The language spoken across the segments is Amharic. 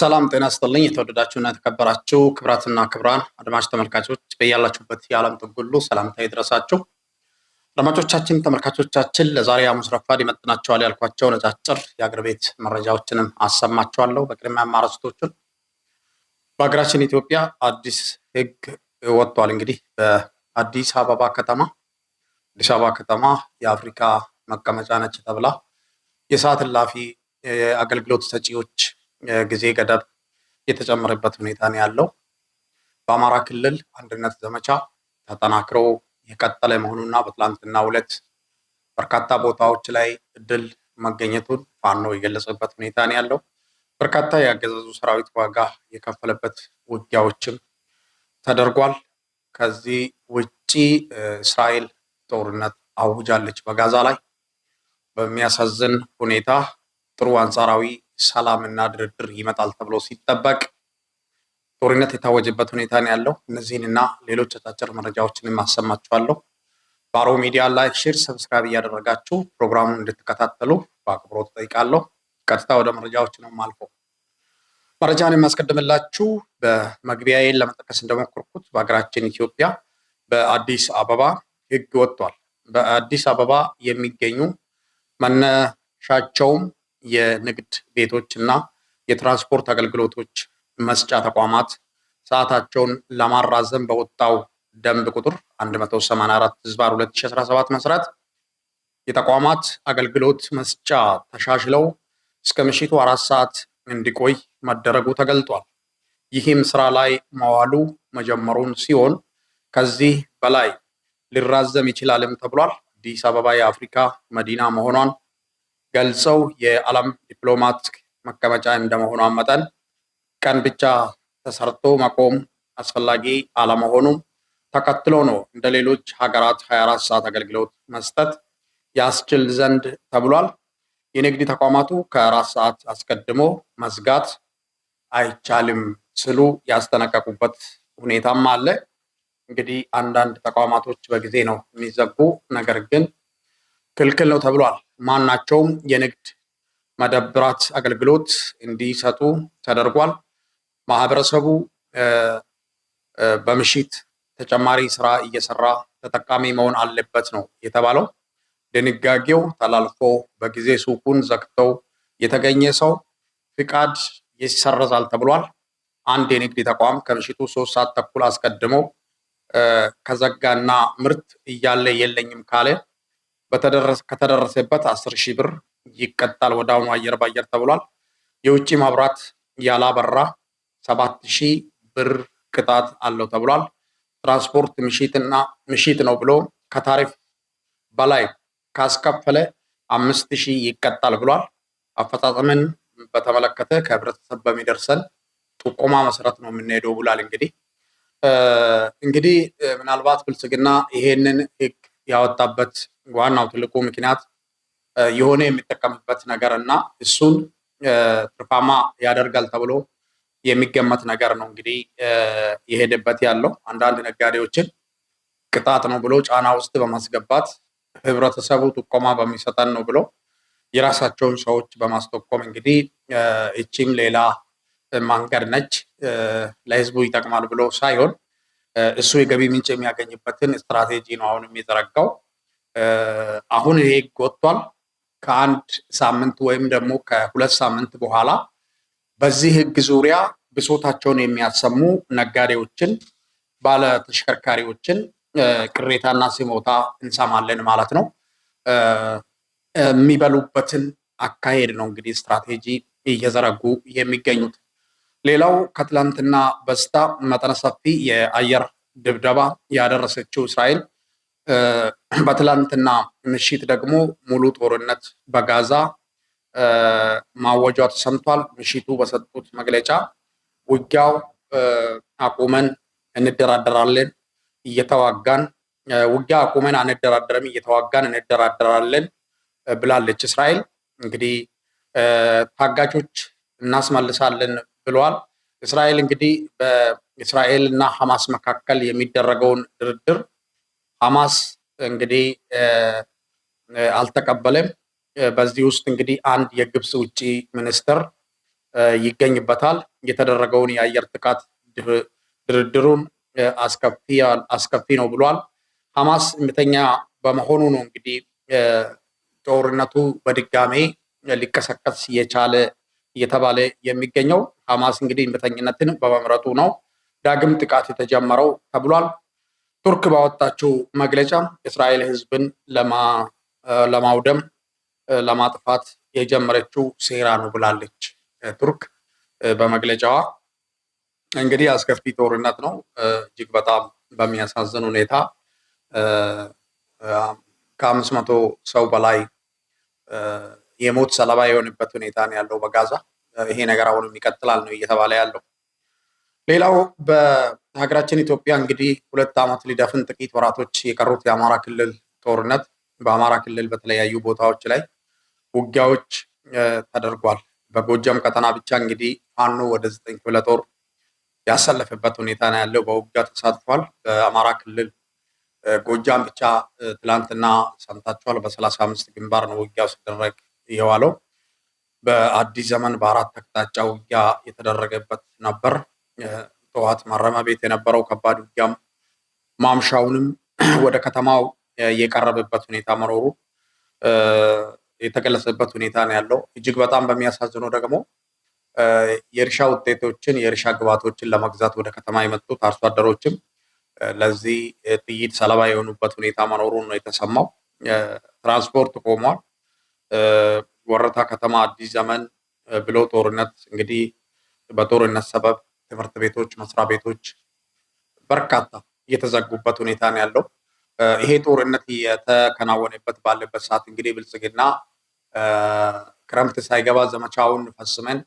ሰላም ጤና ስጥልኝ። የተወደዳችሁና የተከበራችሁ ክብራትና ክብራን አድማጭ ተመልካቾች በያላችሁበት የዓለም ጥግ ሁሉ ሰላምታ ይድረሳችሁ። አድማጮቻችን፣ ተመልካቾቻችን ለዛሬ ሐሙስ ረፋድ ይመጥናቸዋል ያልኳቸው ነጫጭር የአገር ቤት መረጃዎችንም አሰማችኋለሁ። በቅድሚያ ማረስቶችን በሀገራችን ኢትዮጵያ አዲስ ህግ ወጥቷል። እንግዲህ በአዲስ አበባ ከተማ አዲስ አበባ ከተማ የአፍሪካ መቀመጫ ነች ተብላ የሰዓት እላፊ አገልግሎት ሰጪዎች ጊዜ ገደብ የተጨመረበት ሁኔታ ነው ያለው። በአማራ ክልል አንድነት ዘመቻ ተጠናክሮ የቀጠለ መሆኑና በትላንትናው ዕለት በርካታ ቦታዎች ላይ ድል መገኘቱን ፋኖ የገለጸበት ሁኔታ ነው ያለው። በርካታ የአገዛዙ ሰራዊት ዋጋ የከፈለበት ውጊያዎችም ተደርጓል። ከዚህ ውጪ እስራኤል ጦርነት አውጃለች በጋዛ ላይ። በሚያሳዝን ሁኔታ ጥሩ አንጻራዊ ሰላምና ድርድር ይመጣል ተብሎ ሲጠበቅ ጦርነት የታወጀበት ሁኔታ ነው ያለው። እነዚህንና ሌሎች አጫጭር መረጃዎችን ማሰማችኋለሁ። ባሮ ሚዲያ ላይክ፣ ሼር፣ ሰብስክራይብ እያደረጋችሁ ፕሮግራሙን እንድትከታተሉ በአክብሮት ጠይቃለሁ። ቀጥታ ወደ መረጃዎች ነው የማልፈው። መረጃን የማስቀድምላችሁ በመግቢያዬን ለመጠቀስ እንደሞከርኩት በሀገራችን ኢትዮጵያ በአዲስ አበባ ህግ ወጥቷል። በአዲስ አበባ የሚገኙ መነሻቸውም የንግድ ቤቶች እና የትራንስፖርት አገልግሎቶች መስጫ ተቋማት ሰዓታቸውን ለማራዘም በወጣው ደንብ ቁጥር 184 ህዝባር 2017 መሰረት የተቋማት አገልግሎት መስጫ ተሻሽለው እስከ ምሽቱ አራት ሰዓት እንዲቆይ መደረጉ ተገልጧል። ይህም ስራ ላይ መዋሉ መጀመሩን ሲሆን ከዚህ በላይ ሊራዘም ይችላልም ተብሏል። አዲስ አበባ የአፍሪካ መዲና መሆኗን ገልጸው የዓለም ዲፕሎማት መቀመጫ እንደመሆኗ መጠን ቀን ብቻ ተሰርቶ መቆም አስፈላጊ አለመሆኑም ተከትሎ ነው እንደ ሌሎች ሀገራት 24 ሰዓት አገልግሎት መስጠት ያስችል ዘንድ ተብሏል። የንግድ ተቋማቱ ከአራት ሰዓት አስቀድሞ መዝጋት አይቻልም ስሉ ያስጠነቀቁበት ሁኔታም አለ። እንግዲህ አንዳንድ ተቋማቶች በጊዜ ነው የሚዘጉ፣ ነገር ግን ክልክል ነው ተብሏል። ማናቸውም የንግድ መደብራት አገልግሎት እንዲሰጡ ተደርጓል። ማህበረሰቡ በምሽት ተጨማሪ ስራ እየሰራ ተጠቃሚ መሆን አለበት ነው የተባለው። ድንጋጌው ተላልፎ በጊዜ ሱቁን ዘግተው የተገኘ ሰው ፍቃድ ይሰረዛል ተብሏል። አንድ የንግድ ተቋም ከምሽቱ ሶስት ሰዓት ተኩል አስቀድሞ ከዘጋና ምርት እያለ የለኝም ካለ ከተደረሰበት አስር ሺህ ብር ይቀጣል። ወደ አሁኑ አየር ባየር ተብሏል። የውጭ ማብራት ያላበራ ሰባት ሺህ ብር ቅጣት አለው ተብሏል። ትራንስፖርት ምሽትና ምሽት ነው ብሎ ከታሪፍ በላይ ካስከፈለ አምስት ሺህ ይቀጣል ብሏል። አፈጻጸምን በተመለከተ ከህብረተሰብ በሚደርሰን ጥቆማ መሰረት ነው የምንሄደው ብሏል። እንግዲህ እንግዲህ ምናልባት ብልጽግና ይሄንን ህግ ያወጣበት ዋናው ትልቁ ምክንያት የሆነ የሚጠቀምበት ነገር እና እሱን ትርፋማ ያደርጋል ተብሎ የሚገመት ነገር ነው እንግዲህ የሄደበት ያለው። አንዳንድ ነጋዴዎችን ቅጣት ነው ብሎ ጫና ውስጥ በማስገባት ህብረተሰቡ ጥቆማ በሚሰጠን ነው ብሎ የራሳቸውን ሰዎች በማስጠቆም እንግዲህ እቺም ሌላ መንገድ ነች ለህዝቡ ይጠቅማል ብሎ ሳይሆን እሱ የገቢ ምንጭ የሚያገኝበትን ስትራቴጂ ነው አሁንም የሚዘረጋው። አሁን ይሄ ህግ ወጥቷል። ከአንድ ሳምንት ወይም ደግሞ ከሁለት ሳምንት በኋላ በዚህ ህግ ዙሪያ ብሶታቸውን የሚያሰሙ ነጋዴዎችን፣ ባለተሽከርካሪዎችን ቅሬታና ሲሞታ እንሰማለን ማለት ነው። የሚበሉበትን አካሄድ ነው እንግዲህ ስትራቴጂ እየዘረጉ የሚገኙት። ሌላው ከትላንትና በስታ መጠነ ሰፊ የአየር ድብደባ ያደረሰችው እስራኤል በትላንትና ምሽት ደግሞ ሙሉ ጦርነት በጋዛ ማወጇ ተሰምቷል። ምሽቱ በሰጡት መግለጫ ውጊያው አቁመን እንደራደራለን፣ እየተዋጋን ውጊያ አቁመን አንደራደርም፣ እየተዋጋን እንደራደራለን ብላለች እስራኤል። እንግዲህ ታጋቾች እናስመልሳለን ብለዋል። እስራኤል እንግዲህ በእስራኤል እና ሐማስ መካከል የሚደረገውን ድርድር ሐማስ እንግዲህ አልተቀበለም። በዚህ ውስጥ እንግዲህ አንድ የግብፅ ውጭ ሚኒስትር ይገኝበታል። የተደረገውን የአየር ጥቃት ድርድሩን አስከፊ ነው ብሏል። ሐማስ እምቢተኛ በመሆኑ ነው እንግዲህ ጦርነቱ በድጋሜ ሊቀሰቀስ የቻለ እየተባለ የሚገኘው ሐማስ እንግዲህ እምቢተኝነትን በመምረጡ ነው ዳግም ጥቃት የተጀመረው ተብሏል። ቱርክ ባወጣችው መግለጫ እስራኤል ህዝብን ለማውደም ለማጥፋት የጀመረችው ሴራ ነው ብላለች። ቱርክ በመግለጫዋ እንግዲህ አስከፊ ጦርነት ነው። እጅግ በጣም በሚያሳዝን ሁኔታ ከአምስት መቶ ሰው በላይ የሞት ሰለባ የሆነበት ሁኔታ ነው ያለው በጋዛ። ይሄ ነገር አሁንም ይቀጥላል ነው እየተባለ ያለው። ሌላው በሀገራችን ኢትዮጵያ እንግዲህ ሁለት ዓመት ሊደፍን ጥቂት ወራቶች የቀሩት የአማራ ክልል ጦርነት በአማራ ክልል በተለያዩ ቦታዎች ላይ ውጊያዎች ተደርጓል። በጎጃም ቀጠና ብቻ እንግዲህ ፋኖ ወደ ዘጠኝ ክፍለ ጦር ያሰለፈበት ሁኔታ ነው ያለው። በውጊያ ተሳትፏል። በአማራ ክልል ጎጃም ብቻ ትላንትና ሰምታችኋል። በሰላሳ አምስት ግንባር ነው ውጊያው ሲደረግ የዋለው። በአዲስ ዘመን በአራት አቅጣጫ ውጊያ የተደረገበት ነበር። ጠዋት ማረሚያ ቤት የነበረው ከባድ ውጊያም ማምሻውንም ወደ ከተማው የቀረበበት ሁኔታ መኖሩ የተገለጸበት ሁኔታ ነው ያለው። እጅግ በጣም በሚያሳዝነው ደግሞ የእርሻ ውጤቶችን የእርሻ ግብዓቶችን ለመግዛት ወደ ከተማ የመጡት አርሶ አደሮችም ለዚህ ጥይት ሰለባ የሆኑበት ሁኔታ መኖሩን ነው የተሰማው። ትራንስፖርት ቆሟል። ወረታ ከተማ አዲስ ዘመን ብሎ ጦርነት እንግዲህ በጦርነት ሰበብ ትምህርት ቤቶች፣ መስሪያ ቤቶች በርካታ እየተዘጉበት ሁኔታ ነው ያለው። ይሄ ጦርነት እየተከናወነበት ባለበት ሰዓት እንግዲህ ብልጽግና ክረምት ሳይገባ ዘመቻውን ፈስመን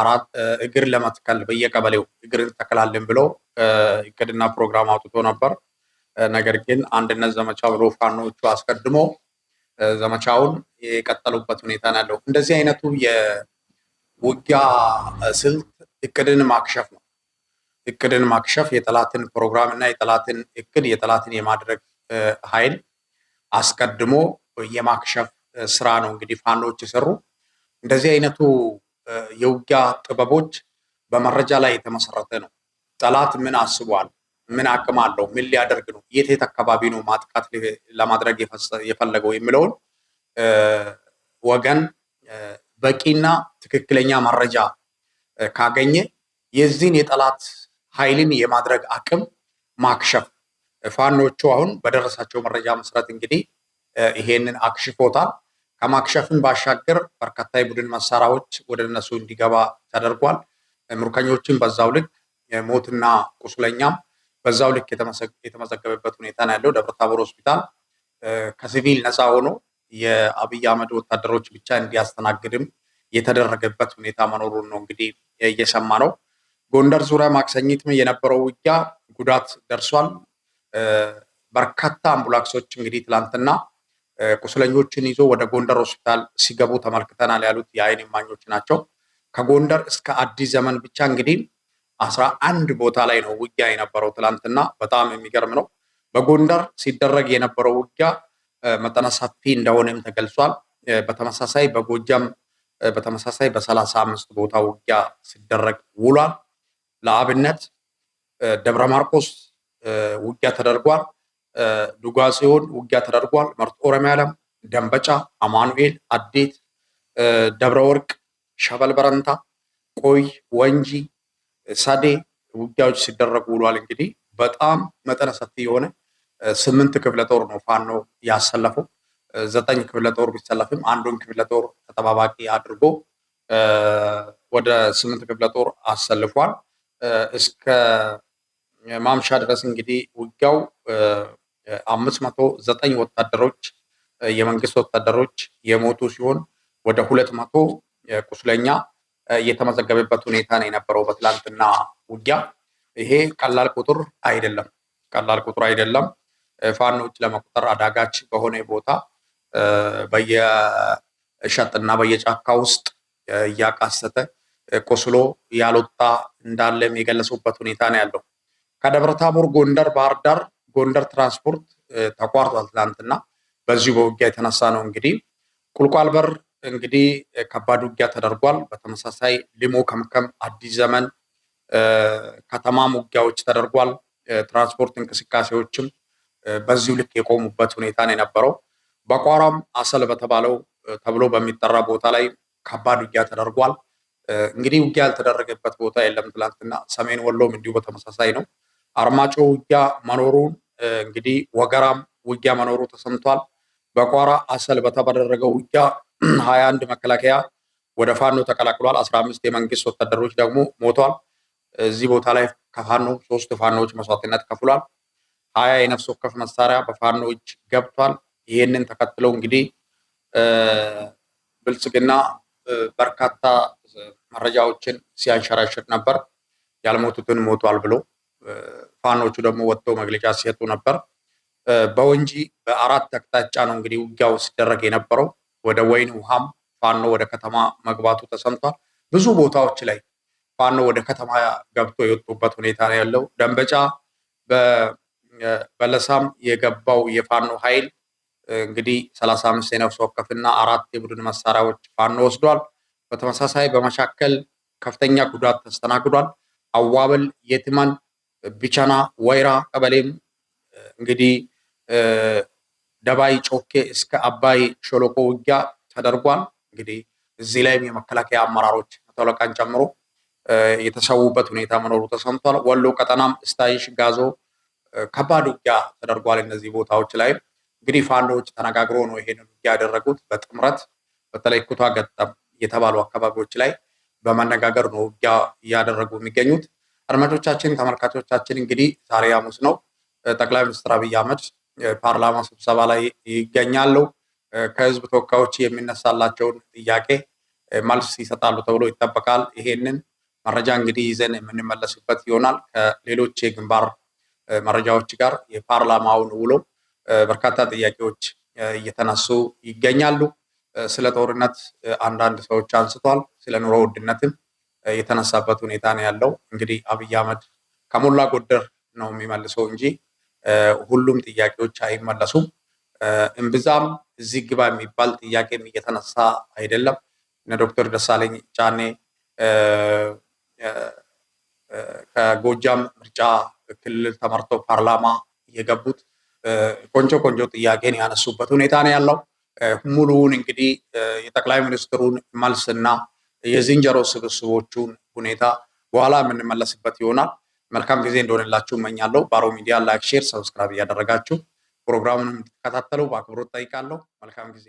አራት እግር ለመትከል በየቀበሌው እግር እንተክላለን ብሎ እቅድና ፕሮግራም አውጥቶ ነበር። ነገር ግን አንድነት ዘመቻ ብሎ ፋኖቹ አስቀድሞ ዘመቻውን የቀጠሉበት ሁኔታ ነው ያለው። እንደዚህ አይነቱ የውጊያ ስልት እቅድን ማክሸፍ ነው። እቅድን ማክሸፍ የጠላትን ፕሮግራም እና የጠላትን እቅድ የጠላትን የማድረግ ኃይል አስቀድሞ የማክሸፍ ስራ ነው እንግዲህ ፋኖች የሰሩ እንደዚህ አይነቱ የውጊያ ጥበቦች በመረጃ ላይ የተመሰረተ ነው። ጠላት ምን አስቧል? ምን አቅም አለው? ምን ሊያደርግ ነው? የት የት አካባቢ ነው ማጥቃት ለማድረግ የፈለገው የሚለውን ወገን በቂና ትክክለኛ መረጃ ካገኘ የዚህን የጠላት ኃይልን የማድረግ አቅም ማክሸፍ ፋኖቹ አሁን በደረሳቸው መረጃ መሰረት እንግዲህ ይሄንን አክሽፎታል። ከማክሸፍን ባሻገር በርካታ የቡድን መሳሪያዎች ወደ እነሱ እንዲገባ ተደርጓል። ምርኮኞችን በዛው ልክ ሞትና ቁስለኛም በዛው ልክ የተመዘገበበት ሁኔታ ነው ያለው። ደብረታቦር ሆስፒታል ከሲቪል ነፃ ሆኖ የአብይ አህመድ ወታደሮች ብቻ እንዲያስተናግድም የተደረገበት ሁኔታ መኖሩን ነው እንግዲህ እየሰማ ነው። ጎንደር ዙሪያ ማክሰኝትም የነበረው ውጊያ ጉዳት ደርሷል። በርካታ አምቡላንሶች እንግዲህ ትላንትና ቁስለኞችን ይዞ ወደ ጎንደር ሆስፒታል ሲገቡ ተመልክተናል ያሉት የአይን እማኞች ናቸው። ከጎንደር እስከ አዲስ ዘመን ብቻ እንግዲህ አስራ አንድ ቦታ ላይ ነው ውጊያ የነበረው ትላንትና። በጣም የሚገርም ነው። በጎንደር ሲደረግ የነበረው ውጊያ መጠነ ሰፊ እንደሆነም ተገልጿል። በተመሳሳይ በጎጃም በተመሳሳይ በሰላሳ አምስት ቦታ ውጊያ ሲደረግ ውሏል። ለአብነት ደብረ ማርቆስ ውጊያ ተደርጓል። ዱጋ ሲሆን ውጊያ ተደርጓል። መርጦ ረሚያለም፣ ደንበጫ፣ አማኑኤል፣ አዴት፣ ደብረ ወርቅ፣ ሸበል በረንታ፣ ቆይ፣ ወንጂ፣ ሰዴ ውጊያዎች ሲደረጉ ውሏል። እንግዲህ በጣም መጠነ ሰፊ የሆነ ስምንት ክፍለ ጦር ነው ፋኖ ያሰለፈው። ዘጠኝ ክፍለ ጦር ቢሰለፍም አንዱን ክፍለ ጦር ተጠባባቂ አድርጎ ወደ ስምንት ክፍለ ጦር አሰልፏል። እስከ ማምሻ ድረስ እንግዲህ ውጊያው አምስት መቶ ዘጠኝ ወታደሮች የመንግስት ወታደሮች የሞቱ ሲሆን ወደ ሁለት መቶ ቁስለኛ የተመዘገበበት ሁኔታ ነው የነበረው በትላንትና ውጊያ። ይሄ ቀላል ቁጥር አይደለም፣ ቀላል ቁጥር አይደለም። ፋኖች ለመቁጠር አዳጋች በሆነ ቦታ በየሸጥና በየጫካ ውስጥ እያቃሰተ ቆስሎ ያልወጣ እንዳለም የገለጹበት ሁኔታ ነው ያለው። ከደብረ ታቦር ጎንደር፣ ባህር ዳር ጎንደር ትራንስፖርት ተቋርጧል። ትናንትና በዚሁ በውጊያ የተነሳ ነው እንግዲህ ቁልቋል በር እንግዲህ ከባድ ውጊያ ተደርጓል። በተመሳሳይ ሊሞ ከምከም፣ አዲስ ዘመን ከተማም ውጊያዎች ተደርጓል። ትራንስፖርት እንቅስቃሴዎችም በዚሁ ልክ የቆሙበት ሁኔታ ነው የነበረው። በቋራም አሰል በተባለው ተብሎ በሚጠራ ቦታ ላይ ከባድ ውጊያ ተደርጓል። እንግዲህ ውጊያ ያልተደረገበት ቦታ የለም። ትላንትና ሰሜን ወሎም እንዲሁ በተመሳሳይ ነው። አርማጮ ውጊያ መኖሩን እንግዲህ ወገራም ውጊያ መኖሩ ተሰምቷል። በቋራ አሰል በተደረገው ውጊያ ሀያ አንድ መከላከያ ወደ ፋኖ ተቀላቅሏል። አስራ አምስት የመንግስት ወታደሮች ደግሞ ሞቷል። እዚህ ቦታ ላይ ከፋኖ ሶስት ፋኖዎች መስዋዕትነት ከፍሏል። ሀያ የነፍስ ወከፍ መሳሪያ በፋኖ እጅ ገብቷል። ይሄንን ተከትሎ እንግዲህ ብልጽግና በርካታ መረጃዎችን ሲያንሸራሽር ነበር። ያልሞቱትን ሞቷል ብሎ ፋኖቹ ደግሞ ወጥተው መግለጫ ሲሰጡ ነበር። በወንጂ በአራት አቅጣጫ ነው እንግዲህ ውጊያው ሲደረግ የነበረው። ወደ ወይን ውሃም ፋኖ ወደ ከተማ መግባቱ ተሰምቷል። ብዙ ቦታዎች ላይ ፋኖ ወደ ከተማ ገብቶ የወጡበት ሁኔታ ነው ያለው። ደንበጫ በለሳም የገባው የፋኖ ኃይል እንግዲህ 35 የነፍስ ወከፍና አራት የቡድን መሳሪያዎች ፋኖ ወስዷል። በተመሳሳይ በመሻከል ከፍተኛ ጉዳት ተስተናግዷል። አዋበል፣ የትመን፣ ቢቸና፣ ወይራ ቀበሌም እንግዲህ ደባይ ጮኬ እስከ አባይ ሸለቆ ውጊያ ተደርጓል። እንግዲህ እዚህ ላይም የመከላከያ አመራሮች ተለቃን ጨምሮ የተሰዉበት ሁኔታ መኖሩ ተሰምቷል። ወሎ ቀጠናም ስታይሽ፣ ጋዞ ከባድ ውጊያ ተደርጓል። እነዚህ ቦታዎች ላይም እንግዲህ ፋኖዎች ተነጋግሮ ነው ይሄንን ውጊያ ያደረጉት። በጥምረት በተለይ ኩታ ገጠም የተባሉ አካባቢዎች ላይ በመነጋገር ነው ውጊያ እያደረጉ የሚገኙት። አድማጮቻችን፣ ተመልካቾቻችን እንግዲህ ዛሬ ሐሙስ ነው። ጠቅላይ ሚኒስትር አብይ አህመድ ፓርላማ ስብሰባ ላይ ይገኛሉ። ከህዝብ ተወካዮች የሚነሳላቸውን ጥያቄ መልስ ይሰጣሉ ተብሎ ይጠበቃል። ይሄንን መረጃ እንግዲህ ይዘን የምንመለስበት ይሆናል። ከሌሎች የግንባር መረጃዎች ጋር የፓርላማውን ውሎ በርካታ ጥያቄዎች እየተነሱ ይገኛሉ። ስለ ጦርነት አንዳንድ ሰዎች አንስቷል። ስለ ኑሮ ውድነትም የተነሳበት ሁኔታ ነው ያለው። እንግዲህ አብይ አህመድ ከሞላ ጎደር ነው የሚመልሰው እንጂ ሁሉም ጥያቄዎች አይመለሱም። እምብዛም እዚህ ግባ የሚባል ጥያቄም እየተነሳ አይደለም። እነ ዶክተር ደሳለኝ ጫኔ ከጎጃም ምርጫ ክልል ተመርተው ፓርላማ የገቡት ቆንጆ ቆንጆ ጥያቄን ያነሱበት ሁኔታ ነው ያለው። ሙሉውን እንግዲህ የጠቅላይ ሚኒስትሩን መልስና የዝንጀሮ ስብስቦቹን ሁኔታ በኋላ የምንመለስበት ይሆናል። መልካም ጊዜ እንደሆነላችሁ እመኛለሁ። ባሮ ሚዲያ ላይክ፣ ሼር፣ ሰብስክራይብ እያደረጋችሁ ፕሮግራሙን የምትከታተሉ በአክብሮት ጠይቃለሁ። መልካም ጊዜ